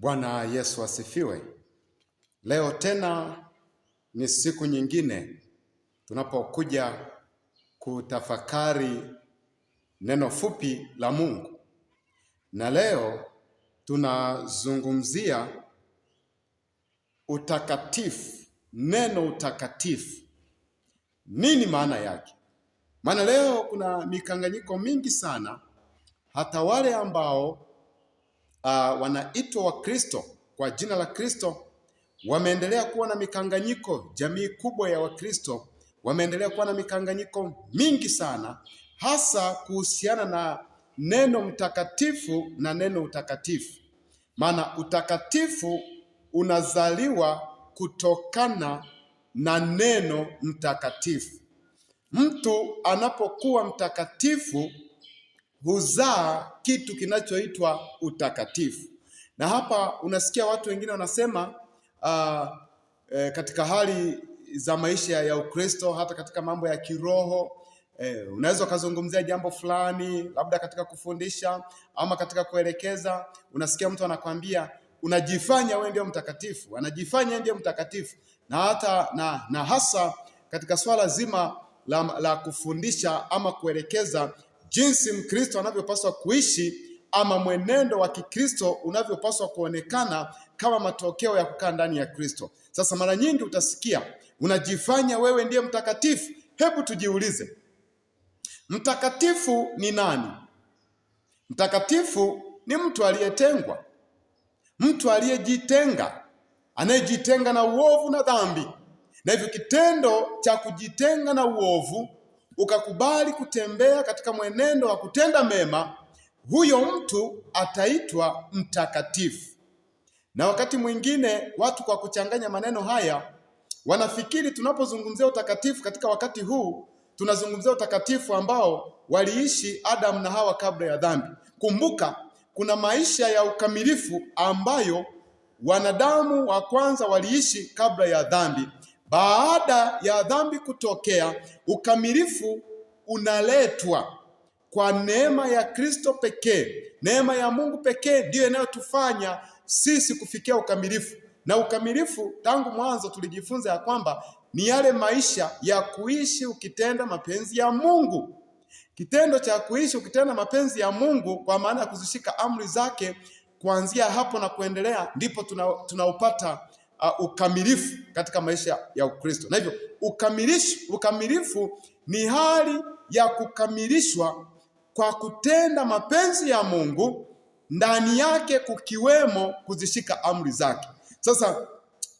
Bwana Yesu asifiwe. Leo tena ni siku nyingine tunapokuja kutafakari neno fupi la Mungu, na leo tunazungumzia utakatifu. Neno utakatifu, nini maana yake? Maana leo kuna mikanganyiko mingi sana, hata wale ambao uh, wanaitwa Wakristo kwa jina la Kristo wameendelea kuwa na mikanganyiko. Jamii kubwa ya Wakristo wameendelea kuwa na mikanganyiko mingi sana, hasa kuhusiana na neno mtakatifu na neno utakatifu. Maana utakatifu unazaliwa kutokana na neno mtakatifu. Mtu anapokuwa mtakatifu huzaa kitu kinachoitwa utakatifu. Na hapa unasikia watu wengine wanasema uh, eh, katika hali za maisha ya Ukristo hata katika mambo ya kiroho eh, unaweza ukazungumzia jambo fulani, labda katika kufundisha ama katika kuelekeza, unasikia mtu anakwambia unajifanya wewe ndio mtakatifu, anajifanya ndiye mtakatifu na hata na, na hasa katika swala zima la, la kufundisha ama kuelekeza jinsi Mkristo anavyopaswa kuishi ama mwenendo wa Kikristo unavyopaswa kuonekana kama matokeo ya kukaa ndani ya Kristo. Sasa mara nyingi utasikia unajifanya wewe ndiye mtakatifu. Hebu tujiulize, mtakatifu ni nani? Mtakatifu ni mtu aliyetengwa, mtu aliyejitenga, anayejitenga na uovu na dhambi. Na hivyo kitendo cha kujitenga na uovu ukakubali kutembea katika mwenendo wa kutenda mema, huyo mtu ataitwa mtakatifu. Na wakati mwingine watu kwa kuchanganya maneno haya wanafikiri tunapozungumzia utakatifu katika wakati huu tunazungumzia utakatifu ambao waliishi Adamu na Hawa kabla ya dhambi. Kumbuka, kuna maisha ya ukamilifu ambayo wanadamu wa kwanza waliishi kabla ya dhambi, baada ya dhambi kutokea, ukamilifu unaletwa kwa neema ya Kristo pekee. Neema ya Mungu pekee ndiyo inayotufanya sisi kufikia ukamilifu. Na ukamilifu, tangu mwanzo tulijifunza ya kwamba ni yale maisha ya kuishi ukitenda mapenzi ya Mungu. Kitendo cha kuishi ukitenda mapenzi ya Mungu kwa maana ya kuzishika amri zake, kuanzia hapo na kuendelea ndipo tunaupata tuna uh, ukamilifu katika maisha ya Ukristo. Na hivyo ukamilifu ni hali ya kukamilishwa kwa kutenda mapenzi ya Mungu, ndani yake kukiwemo kuzishika amri zake. Sasa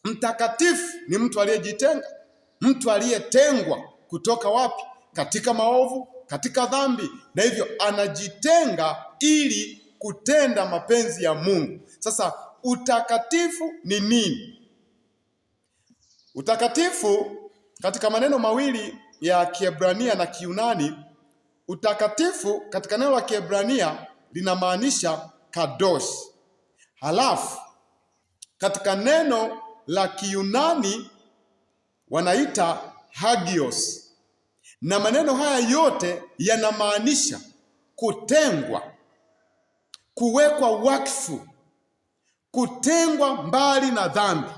mtakatifu ni mtu aliyejitenga, mtu aliyetengwa kutoka wapi? Katika maovu, katika dhambi, na hivyo anajitenga ili kutenda mapenzi ya Mungu. Sasa utakatifu ni nini? Utakatifu katika maneno mawili ya Kiebrania na Kiunani, utakatifu katika neno la Kiebrania linamaanisha kadosh, halafu katika neno la Kiunani wanaita hagios, na maneno haya yote yanamaanisha kutengwa, kuwekwa wakfu, kutengwa mbali na dhambi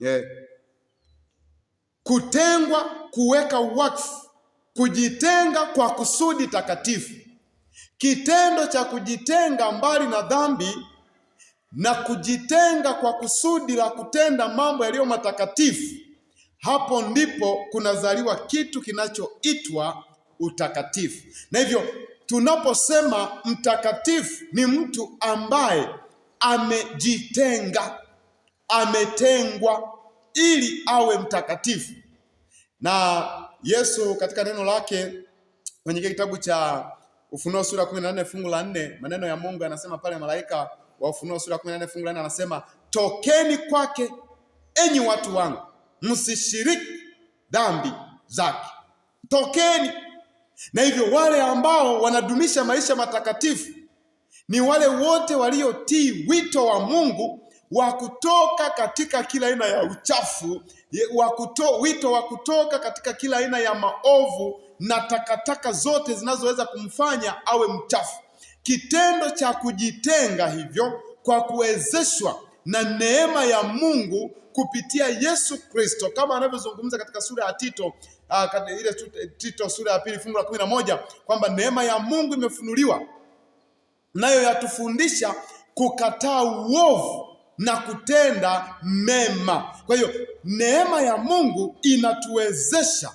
yeah kutengwa, kuweka wakfu, kujitenga kwa kusudi takatifu. Kitendo cha kujitenga mbali na dhambi na kujitenga kwa kusudi la kutenda mambo yaliyo matakatifu, hapo ndipo kunazaliwa kitu kinachoitwa utakatifu. Na hivyo tunaposema mtakatifu ni mtu ambaye amejitenga, ametengwa ili awe mtakatifu. Na Yesu katika neno lake kwenye kitabu cha Ufunuo sura 14 fungu la nne, maneno ya Mungu anasema pale, malaika wa Ufunuo sura 14 fungu la nne anasema, tokeni kwake enyi watu wangu, msishiriki dhambi zake. Tokeni. Na hivyo wale ambao wanadumisha maisha matakatifu ni wale wote waliotii wito wa Mungu wa kutoka katika kila aina ya uchafu wa kuto, wito wa kutoka katika kila aina ya maovu na takataka zote zinazoweza kumfanya awe mchafu. Kitendo cha kujitenga hivyo kwa kuwezeshwa na neema ya Mungu kupitia Yesu Kristo kama anavyozungumza katika sura ya Tito uh, ile Tito sura ya pili fungu la kumi na moja kwamba neema ya Mungu imefunuliwa nayo yatufundisha kukataa uovu na kutenda mema. Kwa hiyo neema ya Mungu inatuwezesha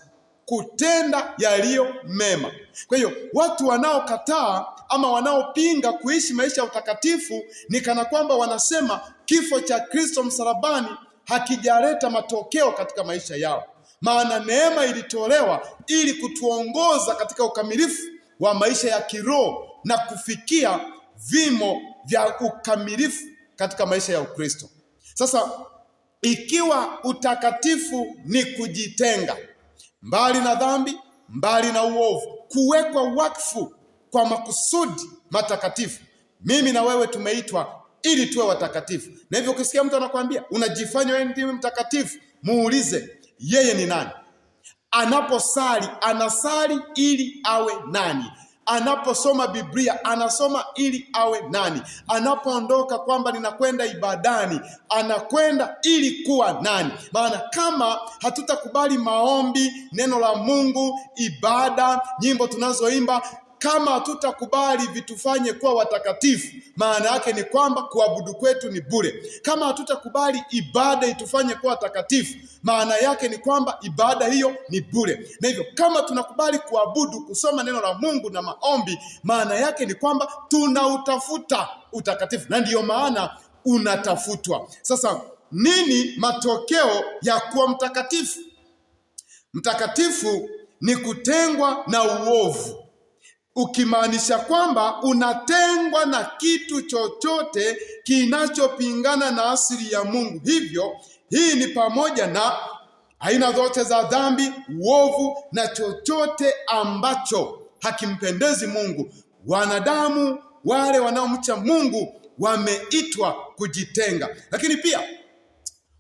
kutenda yaliyo mema. Kwa hiyo watu wanaokataa ama wanaopinga kuishi maisha ya utakatifu ni kana kwamba wanasema kifo cha Kristo msalabani hakijaleta matokeo katika maisha yao, maana neema ilitolewa ili kutuongoza katika ukamilifu wa maisha ya kiroho na kufikia vimo vya ukamilifu katika maisha ya Ukristo. Sasa ikiwa utakatifu ni kujitenga mbali na dhambi, mbali na uovu, kuwekwa wakfu kwa makusudi matakatifu, mimi na wewe tumeitwa ili tuwe watakatifu. Na hivyo ukisikia mtu anakuambia unajifanya wewe ndiwe mtakatifu, muulize yeye ni nani? Anaposali anasali ili awe nani? anaposoma Biblia anasoma ili awe nani, anapoondoka kwamba ninakwenda ibadani anakwenda ili kuwa nani. Maana kama hatutakubali maombi, neno la Mungu, ibada, nyimbo tunazoimba kama hatutakubali vitufanye kuwa watakatifu, maana yake ni kwamba kuabudu kwetu ni bure. Kama hatutakubali ibada itufanye kuwa watakatifu, maana yake ni kwamba ibada hiyo ni bure. Na hivyo kama tunakubali kuabudu, kusoma neno la Mungu na maombi, maana yake ni kwamba tunautafuta utakatifu, na ndiyo maana unatafutwa. Sasa nini matokeo ya kuwa mtakatifu? Mtakatifu ni kutengwa na uovu ukimaanisha kwamba unatengwa na kitu chochote kinachopingana na asili ya Mungu. Hivyo hii ni pamoja na aina zote za dhambi, uovu na chochote ambacho hakimpendezi Mungu. Wanadamu wale wanaomcha Mungu wameitwa kujitenga. Lakini pia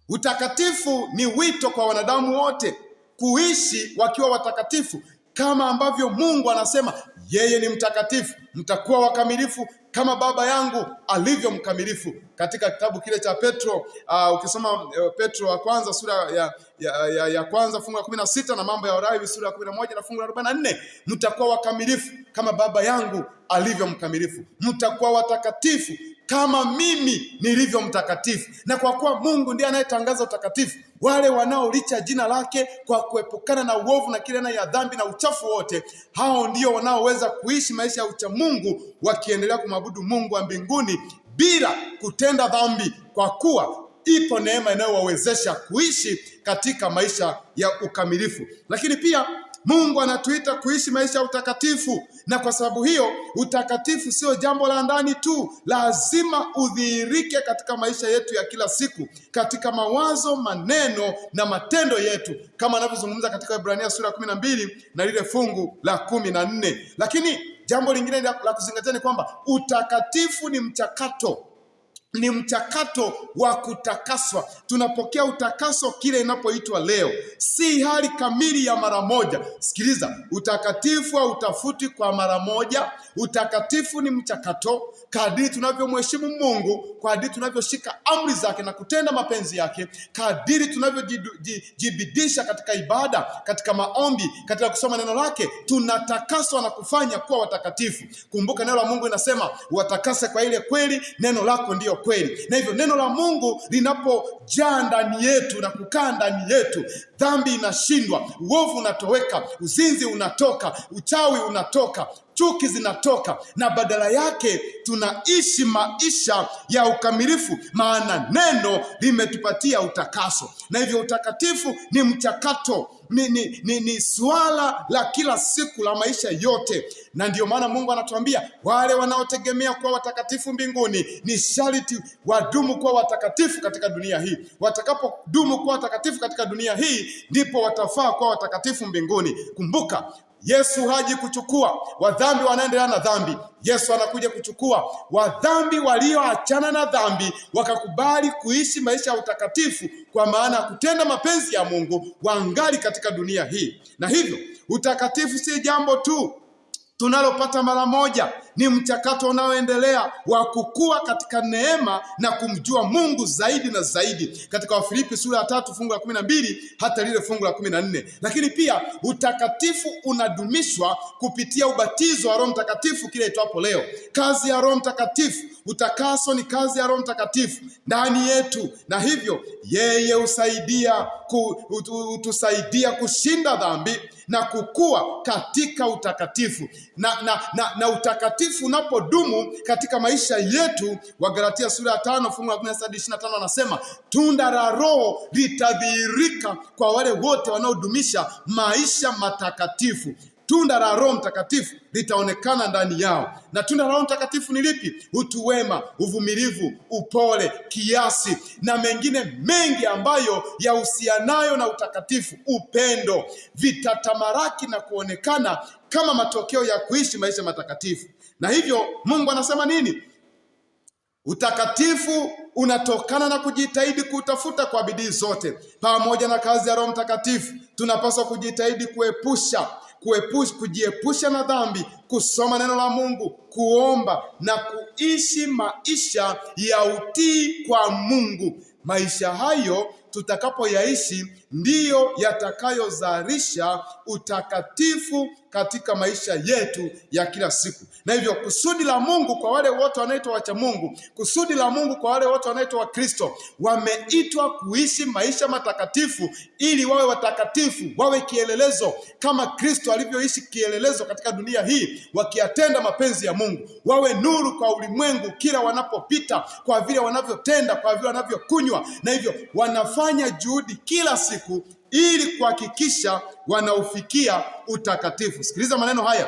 utakatifu ni wito kwa wanadamu wote kuishi wakiwa watakatifu kama ambavyo Mungu anasema yeye ni mtakatifu, mtakuwa wakamilifu kama Baba yangu alivyo mkamilifu. Katika kitabu kile cha Petro uh, ukisoma uh, Petro wa kwanza sura ya, ya, ya, ya kwanza fungu la kumi na sita na mambo ya Walawi sura ya kumi na moja na fungu la arobaini na nne mtakuwa wakamilifu kama Baba yangu alivyo mkamilifu, mtakuwa watakatifu kama mimi nilivyo mtakatifu. Na kwa kuwa Mungu ndiye anayetangaza utakatifu, wale wanaolicha jina lake kwa kuepukana na uovu na kila aina ya dhambi na uchafu wote, hao ndio wanaoweza kuishi maisha ya ucha Mungu wakiendelea kumwabudu Mungu wa mbinguni bila kutenda dhambi, kwa kuwa ipo neema inayowawezesha kuishi katika maisha ya ukamilifu. Lakini pia Mungu anatuita kuishi maisha ya utakatifu, na kwa sababu hiyo utakatifu sio jambo la ndani tu, lazima udhihirike katika maisha yetu ya kila siku, katika mawazo, maneno na matendo yetu, kama anavyozungumza katika Ibrania sura ya kumi na mbili na lile fungu la kumi na nne. Lakini jambo lingine la kuzingatia ni kwamba utakatifu ni mchakato ni mchakato wa kutakaswa. Tunapokea utakaso kile inapoitwa leo, si hali kamili ya mara moja. Sikiliza, utakatifu utafuti kwa mara moja. Utakatifu ni mchakato. Kadiri tunavyomheshimu Mungu, kadiri tunavyoshika amri zake na kutenda mapenzi yake, kadiri tunavyojibidisha katika ibada, katika maombi, katika kusoma neno lake, tunatakaswa na kufanya kuwa watakatifu. Kumbuka neno la Mungu inasema, watakase kwa ile kweli, neno lako ndiyo kweli. Na hivyo neno la Mungu linapojaa ndani yetu na kukaa ndani yetu, dhambi inashindwa, uovu unatoweka, uzinzi unatoka, uchawi unatoka, chuki zinatoka, na badala yake tunaishi maisha ya ukamilifu, maana neno limetupatia utakaso. Na hivyo utakatifu ni mchakato, ni, ni, ni, ni suala la kila siku la maisha yote, na ndiyo maana Mungu anatuambia wale wanaotegemea kuwa watakatifu mbinguni ni sharti wadumu kuwa watakatifu katika dunia hii. Watakapodumu kuwa watakatifu katika dunia hii, ndipo watafaa kuwa watakatifu mbinguni. Kumbuka Yesu haji kuchukua wadhambi wanaendelea na dhambi. Yesu anakuja kuchukua wadhambi walioachana na dhambi, wakakubali kuishi maisha ya utakatifu, kwa maana ya kutenda mapenzi ya Mungu, wangali katika dunia hii. Na hivyo utakatifu si jambo tu tunalopata mara moja ni mchakato unaoendelea wa kukua katika neema na kumjua Mungu zaidi na zaidi, katika Wafilipi sura ya tatu fungu la kumi na mbili hata lile fungu la kumi na nne. Lakini pia utakatifu unadumishwa kupitia ubatizo wa Roho Mtakatifu, kile itwapo leo kazi ya Roho Mtakatifu Utakaso ni kazi ya Roho Mtakatifu ndani yetu, na hivyo yeye husaidia ku, kushinda dhambi na kukua katika utakatifu na, na, na, na utakatifu unapodumu katika maisha yetu, Wagalatia sura ya 5 fungu la hadi 25 anasema tunda la Roho litadhihirika kwa wale wote wanaodumisha maisha matakatifu tunda la Roho Mtakatifu litaonekana ndani yao. Na tunda la Roho Mtakatifu ni lipi? Utu wema, uvumilivu, upole, kiasi na mengine mengi ambayo yahusianayo na utakatifu, upendo, vitatamaraki na kuonekana kama matokeo ya kuishi maisha matakatifu. Na hivyo Mungu anasema nini? Utakatifu unatokana na kujitahidi kutafuta kwa bidii zote. Pamoja na kazi ya Roho Mtakatifu, tunapaswa kujitahidi kuepusha kuepusha kujiepusha na dhambi, kusoma neno la Mungu, kuomba na kuishi maisha ya utii kwa Mungu. Maisha hayo tutakapoyaishi ndiyo yatakayozalisha utakatifu katika maisha yetu ya kila siku. Na hivyo kusudi la Mungu kwa wale wote wanaitwa wacha Mungu, kusudi la Mungu kwa wale wote wanaitwa Wakristo, wameitwa kuishi maisha matakatifu ili wawe watakatifu, wawe kielelezo kama Kristo alivyoishi kielelezo katika dunia hii, wakiatenda mapenzi ya Mungu, wawe nuru kwa ulimwengu kila wanapopita, kwa vile wanavyotenda, kwa vile wanavyokunywa, na hivyo wanafanya juhudi kila siku ili kuhakikisha wanaufikia utakatifu. Sikiliza maneno haya,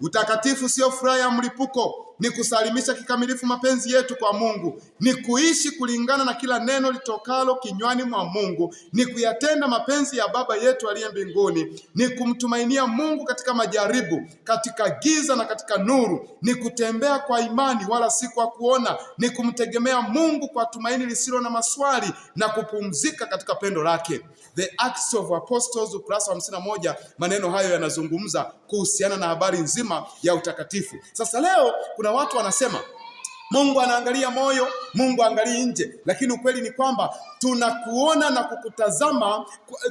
utakatifu sio furaha ya mlipuko ni kusalimisha kikamilifu mapenzi yetu kwa Mungu, ni kuishi kulingana na kila neno litokalo kinywani mwa Mungu, ni kuyatenda mapenzi ya Baba yetu aliye mbinguni, ni kumtumainia Mungu katika majaribu, katika giza na katika nuru, ni kutembea kwa imani wala si kwa kuona, ni kumtegemea Mungu kwa tumaini lisilo na maswali na kupumzika katika pendo lake. The Acts of Apostles ukurasa wa moja. maneno hayo yanazungumza kuhusiana na habari nzima ya utakatifu. Sasa leo kuna kuna watu wanasema Mungu anaangalia moyo, Mungu angalii nje, lakini ukweli ni kwamba tunakuona na kukutazama,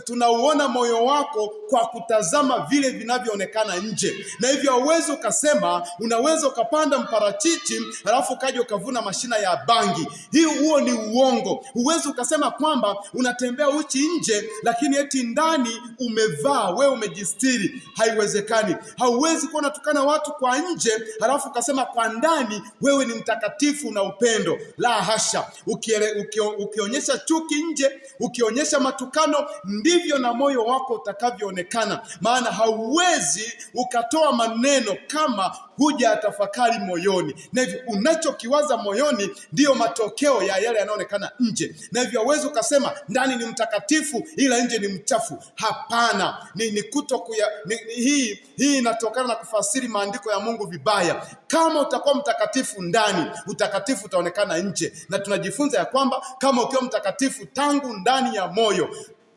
tunauona moyo wako kwa kutazama vile vinavyoonekana nje, na hivyo hauwezi ukasema unaweza ukapanda mparachichi alafu ukaja ukavuna mashina ya bangi. Hii huo ni uongo. Huwezi ukasema kwamba unatembea uchi nje, lakini eti ndani umevaa wewe umejistiri. Haiwezekani. Hauwezi kuwa unatukana watu kwa nje alafu ukasema kwa ndani wewe ni mtaka utakatifu na upendo. La hasha! Ukiele, ukio, ukionyesha chuki nje, ukionyesha matukano, ndivyo na moyo wako utakavyoonekana, maana hauwezi ukatoa maneno kama huja tafakari moyoni, na hivyo unachokiwaza moyoni ndiyo matokeo ya yale yanayoonekana nje. Na hivyo hauwezi ukasema ndani ni mtakatifu ila nje ni mchafu. Hapana, ni, ni kuto kuya, ni, ni, hii hii inatokana na kufasiri maandiko ya Mungu vibaya. Kama utakuwa mtakatifu ndani, utakatifu utaonekana nje, na tunajifunza ya kwamba kama ukiwa mtakatifu tangu ndani ya moyo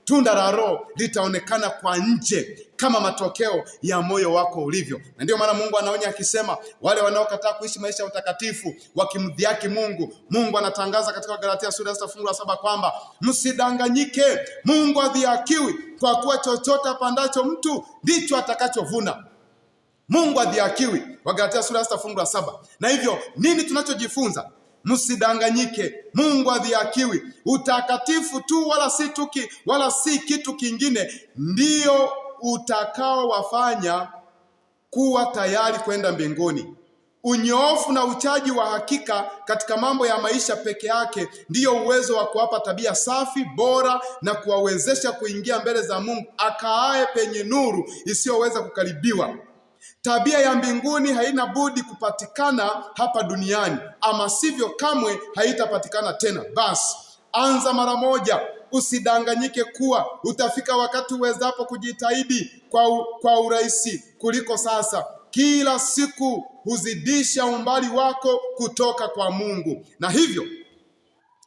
tunda la Roho litaonekana kwa nje kama matokeo ya moyo wako ulivyo. Na ndio maana Mungu anaonya akisema, wale wanaokataa kuishi maisha ya utakatifu wakimdhiaki Mungu, Mungu anatangaza katika Galatia sura ya sita fungu la saba kwamba msidanganyike, Mungu adhiakiwi, kwa kuwa chochote apandacho mtu ndicho atakachovuna. Mungu adhiakiwi, Wagalatia sura ya sita fungu la saba. Na hivyo nini tunachojifunza? Msidanganyike, Mungu adhihakiwi. Utakatifu tu, wala si tuki, wala si kitu kingine, ndio utakaowafanya kuwa tayari kwenda mbinguni. Unyoofu na uchaji wa hakika katika mambo ya maisha peke yake ndiyo uwezo wa kuwapa tabia safi bora na kuwawezesha kuingia mbele za Mungu akaae penye nuru isiyoweza kukaribiwa. Tabia ya mbinguni haina budi kupatikana hapa duniani, ama sivyo kamwe haitapatikana tena. Basi anza mara moja, usidanganyike kuwa utafika wakati uwezapo kujitahidi kwa, kwa urahisi kuliko sasa. Kila siku huzidisha umbali wako kutoka kwa Mungu, na hivyo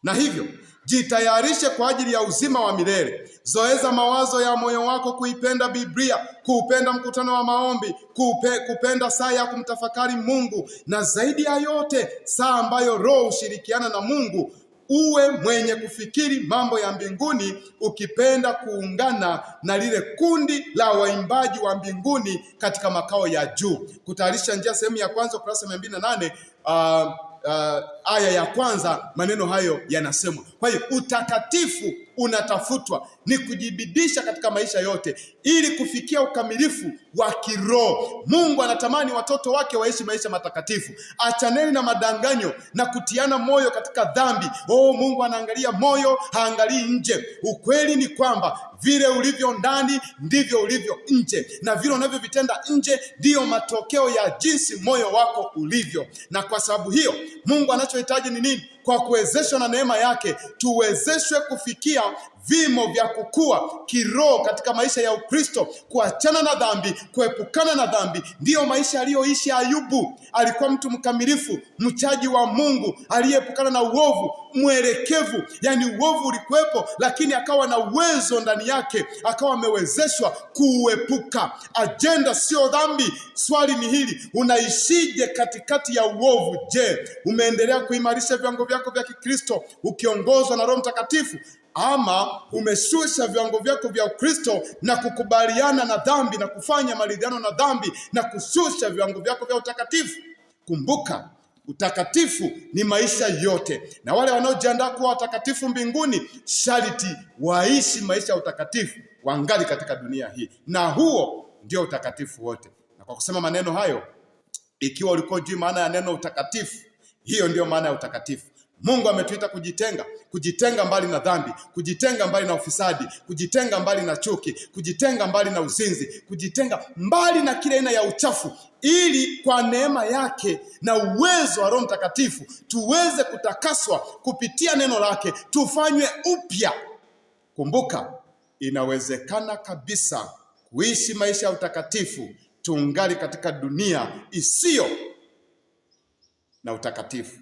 na hivyo Jitayarishe kwa ajili ya uzima wa milele. Zoeza mawazo ya moyo wako kuipenda Biblia, kuupenda mkutano wa maombi, kupe, kupenda saa ya kumtafakari Mungu, na zaidi ya yote saa ambayo Roho hushirikiana na Mungu. Uwe mwenye kufikiri mambo ya mbinguni, ukipenda kuungana na lile kundi la waimbaji wa mbinguni katika makao ya juu. Kutayarisha njia, sehemu ya kwanza, ukurasa mia mbili na nane. Ah, ah, aya ya kwanza maneno hayo yanasemwa. Kwa hiyo utakatifu unatafutwa ni kujibidisha katika maisha yote ili kufikia ukamilifu wa kiroho. Mungu anatamani watoto wake waishi maisha matakatifu. Achaneni na madanganyo na kutiana moyo katika dhambi. Oh, Mungu anaangalia moyo, haangalii nje. Ukweli ni kwamba vile ulivyo ndani ndivyo ulivyo nje, na vile unavyovitenda nje ndiyo matokeo ya jinsi moyo wako ulivyo, na kwa sababu hiyo Mungu anacho tunachohitaji ni nini? kwa kuwezeshwa na neema yake tuwezeshwe kufikia vimo vya kukua kiroho katika maisha ya Ukristo, kuachana na dhambi, kuepukana na dhambi. Ndiyo maisha aliyoishi Ayubu. Alikuwa mtu mkamilifu, mchaji wa Mungu, aliyeepukana na uovu, mwelekevu. Yaani uovu ulikuwepo, lakini akawa na uwezo ndani yake, akawa amewezeshwa kuuepuka. Ajenda sio dhambi. Swali ni hili, unaishije katikati ya uovu? Je, umeendelea kuimarisha viwango vyako vya Kikristo ukiongozwa na Roho Mtakatifu, ama umeshusha viwango vyako vya Ukristo na kukubaliana na dhambi na kufanya maridhiano na dhambi na kushusha viwango vyako vya utakatifu. Kumbuka, utakatifu ni maisha yote, na wale wanaojiandaa kuwa watakatifu mbinguni sharti waishi maisha ya utakatifu wangali katika dunia hii, na huo ndio utakatifu wote. Na kwa kusema maneno hayo, ikiwa ulikuwa maana ya neno utakatifu, hiyo ndio maana ya utakatifu. Mungu ametuita kujitenga, kujitenga mbali na dhambi, kujitenga mbali na ufisadi, kujitenga mbali na chuki, kujitenga mbali na uzinzi, kujitenga mbali na kila aina ya uchafu, ili kwa neema yake na uwezo wa Roho Mtakatifu tuweze kutakaswa kupitia neno lake, tufanywe upya. Kumbuka, inawezekana kabisa kuishi maisha ya utakatifu tungali katika dunia isiyo na utakatifu.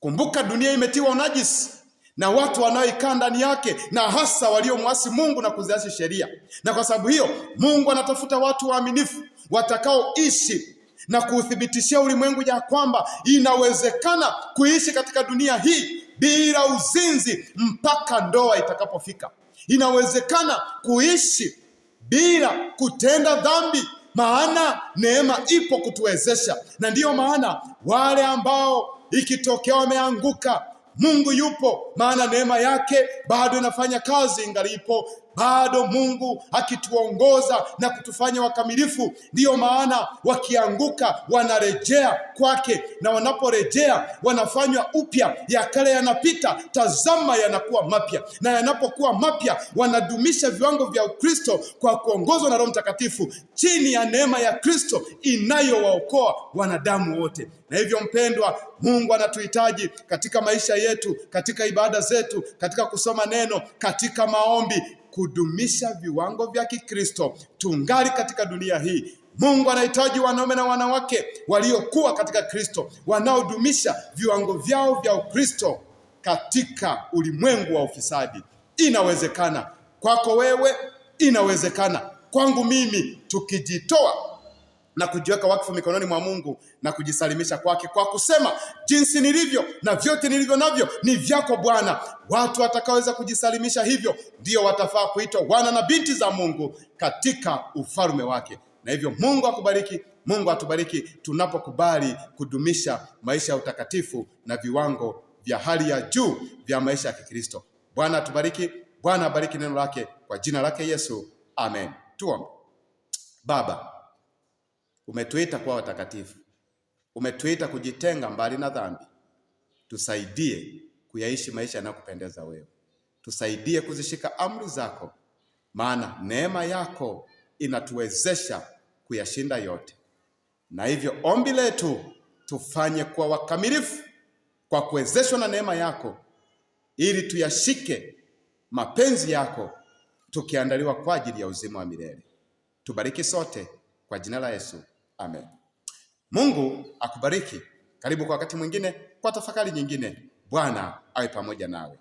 Kumbuka dunia imetiwa unajisi na watu wanaoikaa ndani yake, na hasa waliomwasi Mungu na kuziasi sheria. Na kwa sababu hiyo, Mungu anatafuta watu waaminifu watakaoishi na kuuthibitishia ulimwengu ya kwamba inawezekana kuishi katika dunia hii bila uzinzi mpaka ndoa itakapofika. Inawezekana kuishi bila kutenda dhambi, maana neema ipo kutuwezesha, na ndiyo maana wale ambao ikitokea wameanguka, Mungu yupo, maana neema yake bado inafanya kazi ingalipo bado Mungu akituongoza na kutufanya wakamilifu. Ndiyo maana wakianguka wanarejea kwake, na wanaporejea wanafanywa upya, ya kale yanapita, tazama yanakuwa mapya. Na yanapokuwa mapya, wanadumisha viwango vya Ukristo kwa kuongozwa na Roho Mtakatifu chini ya neema ya Kristo inayowaokoa wanadamu wote. Na hivyo mpendwa, Mungu anatuhitaji katika maisha yetu, katika ibada zetu, katika kusoma neno, katika maombi kudumisha viwango vya Kikristo tungali katika dunia hii. Mungu anahitaji wanaume na wanawake waliokuwa katika Kristo, wanaodumisha viwango vyao vya Ukristo katika ulimwengu wa ufisadi. Inawezekana kwako wewe, inawezekana kwangu mimi, tukijitoa na kujiweka wakfu mikononi mwa Mungu na kujisalimisha kwake kwa kusema, jinsi nilivyo na vyote nilivyo navyo ni vyako Bwana. Watu watakaoweza kujisalimisha hivyo ndio watafaa kuitwa wana na binti za Mungu katika ufalme wake. Na hivyo Mungu akubariki, Mungu atubariki tunapokubali kudumisha maisha ya utakatifu na viwango vya hali ya juu vya maisha ya Kikristo. Bwana atubariki, Bwana abariki neno lake kwa jina lake Yesu, amen. Tuombe. Baba umetuita kuwa watakatifu, umetuita kujitenga mbali na dhambi. Tusaidie kuyaishi maisha yanayokupendeza wewe, tusaidie kuzishika amri zako, maana neema yako inatuwezesha kuyashinda yote. Na hivyo ombi letu tufanye kuwa wakamilifu kwa kuwezeshwa na neema yako, ili tuyashike mapenzi yako, tukiandaliwa kwa ajili ya uzima wa milele. Tubariki sote kwa jina la Yesu. Amen. Mungu akubariki. Karibu kwa wakati mwingine kwa tafakari nyingine. Bwana awe pamoja nawe.